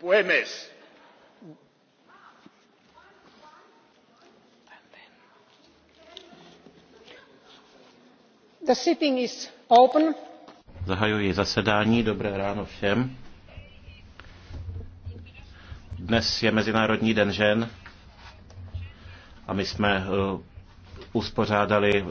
puhemies zahajuji zasedání dobré ráno všem. dnes je mezinárodní den žen a my jsme eh, uspořádali